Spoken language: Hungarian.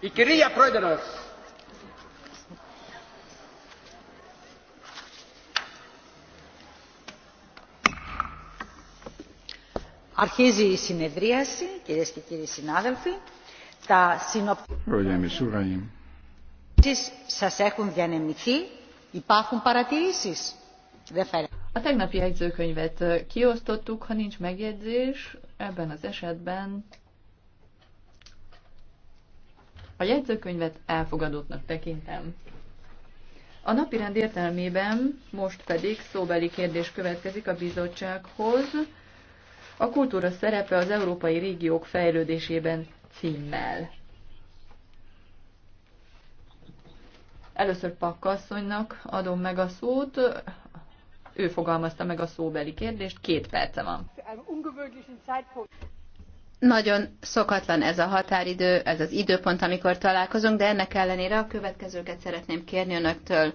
Η κυρία Πρόεδρος. Αρχίζει η συνεδρίαση, κυρίες και κύριοι συνάδελφοι. Τα συνοπτικά σας έχουν διανεμηθεί. Υπάρχουν παρατηρήσεις. Δεν φαίνεται. A tegnapi jegyzőkönyvet kiosztottuk, ha nincs megjegyzés, ebben az esetben a jegyzőkönyvet elfogadottnak tekintem. A rend értelmében most pedig szóbeli kérdés következik a bizottsághoz. A kultúra szerepe az európai régiók fejlődésében címmel. Először Pakkasszonynak adom meg a szót. Ő fogalmazta meg a szóbeli kérdést, két perce van. Nagyon szokatlan ez a határidő, ez az időpont, amikor találkozunk, de ennek ellenére a következőket szeretném kérni önöktől.